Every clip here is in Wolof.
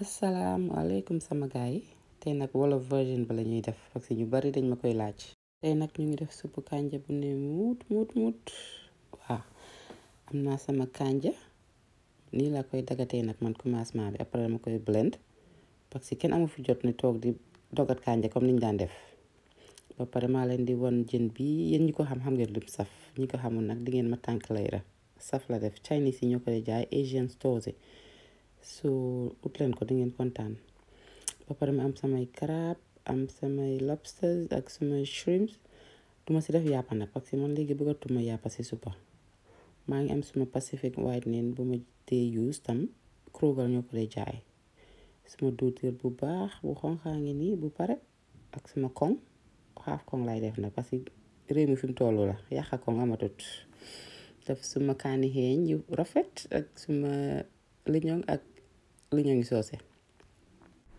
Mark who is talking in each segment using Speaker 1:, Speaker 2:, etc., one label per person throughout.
Speaker 1: asalaamaaleykum sama gaay yi tey nag wolof version ba la ñuy def parce ñu bari dañ ma koy laaj tey nag ñu ngi def suppu kànja bu ne muut muut muut waaw am naa sama kànja ni laa koy dagatee nag man commencement bi après ma koy blend parce que kenn amu fi jot ne toog di dogat kànja comme niñ daan def ba pare maa leen di won jën bi yéen ñi ko xam-xam ngeen lim saf ñu ko xamul nag di ngeen ma tànk lay ra saf la def Chinese yi ñoo koy jaay Asian stores yi so ut leen ko di ngeen kontaan ba pare ma am samay crab am samay lobsters ak samay shrimps duma si def yàppa nag parce que man léegi bëggatuma yàppa si suppa maa ngi am suma pacific whitening bu ma te use tam Kroger ñoo ko dee suma duutiir bu baax bu xonxaa ngi bu pare ak suma koŋ xaaf koŋ lay def na parce que réew mi fi tollu la yàqa koŋ amatut def suma kaani xeeñ yu rafet ak suma liñoŋ ngi soose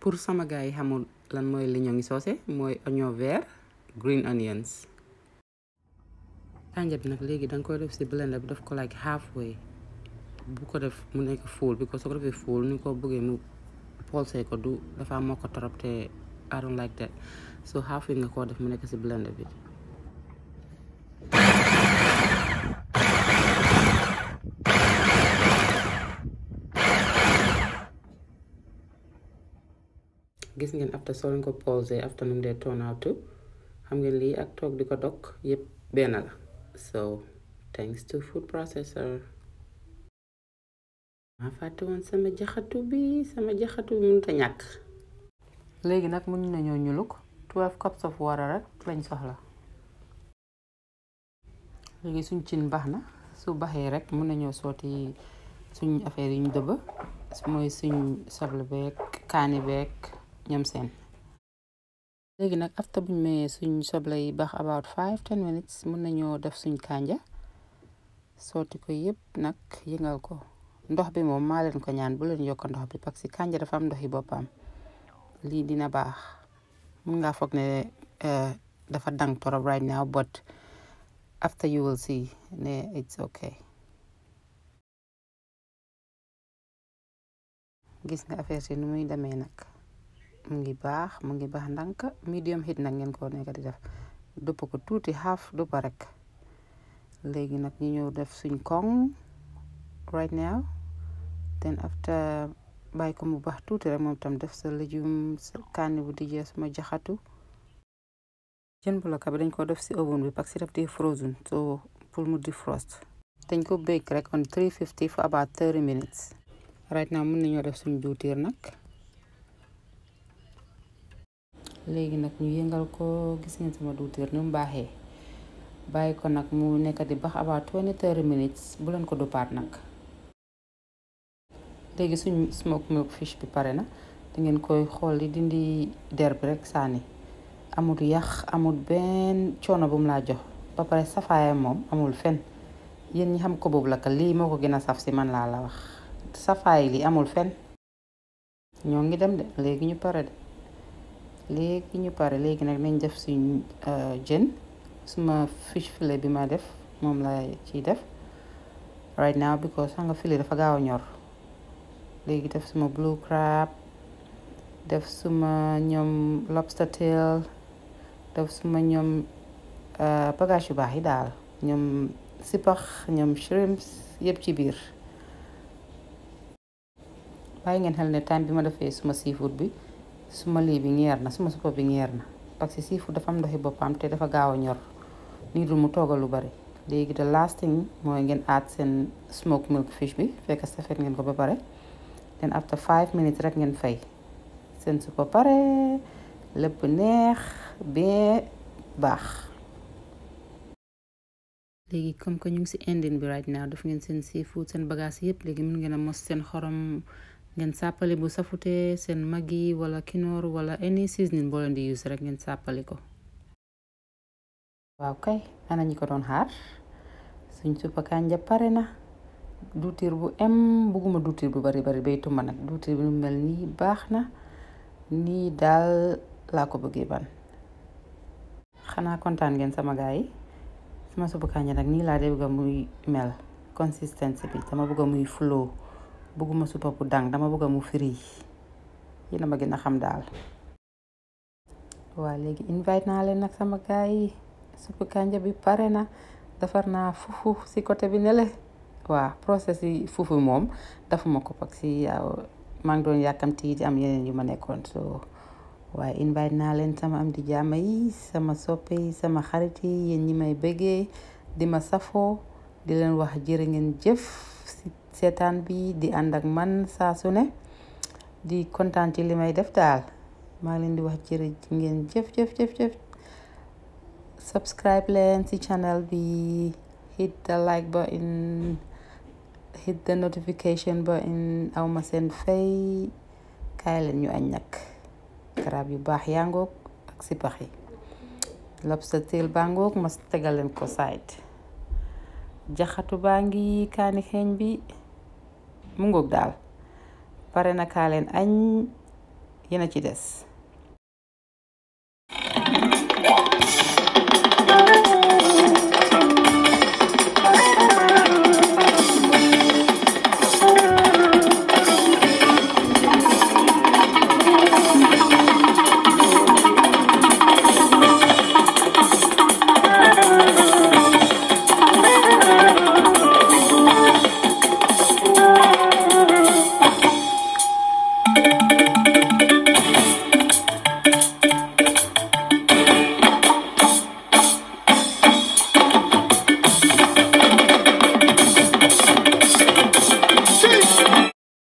Speaker 1: pour sama gaa yi xamul lan mooy liñoo ngi soose mooy oignon vert green onions kànja bi nag léegi danga koy def si blender bi def ko like halfway bu ko def mu nekk full bi ko soo ko defee full ni ko bëggee mu polsee ko du dafa moo ko trop te I don't like that so halfway nga koo def mu nekk si blender bi gis ngeen after soo leen ko pause turn out to xam ngeen lii ak toog di ko dog yëpp benn la so thanks to food processor ma fàtte woon sama jaxatu bi sama jaxatu bi mënut a ñàkk léegi nag mun nañoo ñuluk 12 cups of water rek lañ soxla léegi suñ cin baax na su baxee rek mun nañoo sooti suñ affaire yiñ ñu dëbb mooy suñ soble beeg kaani beeg ñoom seen léegi nag after buñ mayee suñ soble yi baax about five ten minutes mun nañoo def suñ kànja sotiku ko yëpp nag yëngal ko ndox bi moom maa leen ko ñaan bu leen yokk ndox bi parce que kànja dafa am ndoxi boppam lii dina baax mun ngaa foog ne eh, dafa dang torop right now but after you will see ne it's okay gis nga affaire si nu muy demee nag mu ngi baax mu ngi baax ndànk medium heat nag ngeen ko nekk di def dëpp ko tuuti half dëpp rek léegi nag ñu ñëw def suñ koŋ right now ten after bàyyi ko mu baax tuuti rek moom tam def sa léjum sa kaani bu dijee suma jaxatu jën bu lakka bi dañ ko def si oven bi parce que daf di so pour mu di defrost dañ ko bake rek on 350 for about 30 minutes right now mën nañoo def suñ juutiir nag léegi nag ñu yëngal ko gis ngeen sama duuteer ni mu baaxee bàyyi ko nag mu nekk di bax about twenty thirty minutes bu leen ko duppaat nag léegi suñ smoke milk fish bi pare na te ngeen koy xool di dindi der bi rek saani amul yax amul benn coono bum laa jox ba pare safaayam moom amul fen yéen ñi xam ko boobu la ka lii moo ko gën a saf si man laa la wax safaay li amul fen ñoo ngi dem de léegi ñu pare de léegi ñu pare léegi nag nañ def si euh, jën suma fish filet bi ma def moom laa ciy def right now because xam nga filet dafa gaaw a ñor léegi def suma blue crab def suma ñoom lobster tail def suma ñoom euh, bagage yu baax yi daal ñoom sipax ñoom shrimps yëpp ci biir bàyyi ngeen xel ne time bi ma defee suma seafood bi suma lii bi ñeer na suma suppa bi ñeer na parce que seafood dafa am ndoxi boppam te dafa gaaw a ñor nii dul mu toogal lu bari léegi the last mooy ngeen add seen smoke milk fish bi fekk safet ngeen ko ba pare then after five minutes rek ngeen fay seen suppa pare lépp neex bee baax léegi comme que ñu ngi si ending bi right now def ngeen seen seafood seen bagage yëpp léegi mun ngeen a mos seen xorom ngeen sàppali bu safutee seen magi wala kinoor wala any seasoning boo leen di use rek ngeen sàppali ko waaw kay ana ko doon xaar suñ suppa kanja pare na duutiir bu em bugguma duutiir bu bari bari bay tumba nag duutiir bu mel nii baax na nii daal laa ko bëggee ban xanaa kontaan ngeen sama gaay yi sama suppa kanja nag nii laa dee bëgga muy mel consistency bi sama bugga muy flow bëgguma supa bu dang dama bëgg mu firi yéen a ma gën a xam daal waa léegi invite naa leen nag sama gaay yi suppu kànja bi pare na defar naa fufu si côté bi nele waa process yi fufu moom dafuma ko pak si yaaw maa ngi doon yàkkamti di am yeneen yu ma nekkoon so waaye invite naa leen sama am di jaama yi sama soppe sama xarit yi yéen ñi may bëggee di ma safoo di leen wax jërë ngeen jëf seetaan bi di ànd ak man saa su ne di kontaan ci li may def daal maa ngi di wax jërë ngeen jëf jëf jëf jëf subscribe leen ci channel bi hit the like button hit the notification button aw ma seen fay kaay leen ñu añak nag garab yu baax yaa ngoog ak sipax yi lobster tail baa ngoog ma tegal ko side jaxatu baa ngi kaani xeeñ bi mu ngoog daal pare na kaa leen añ yéen a ci des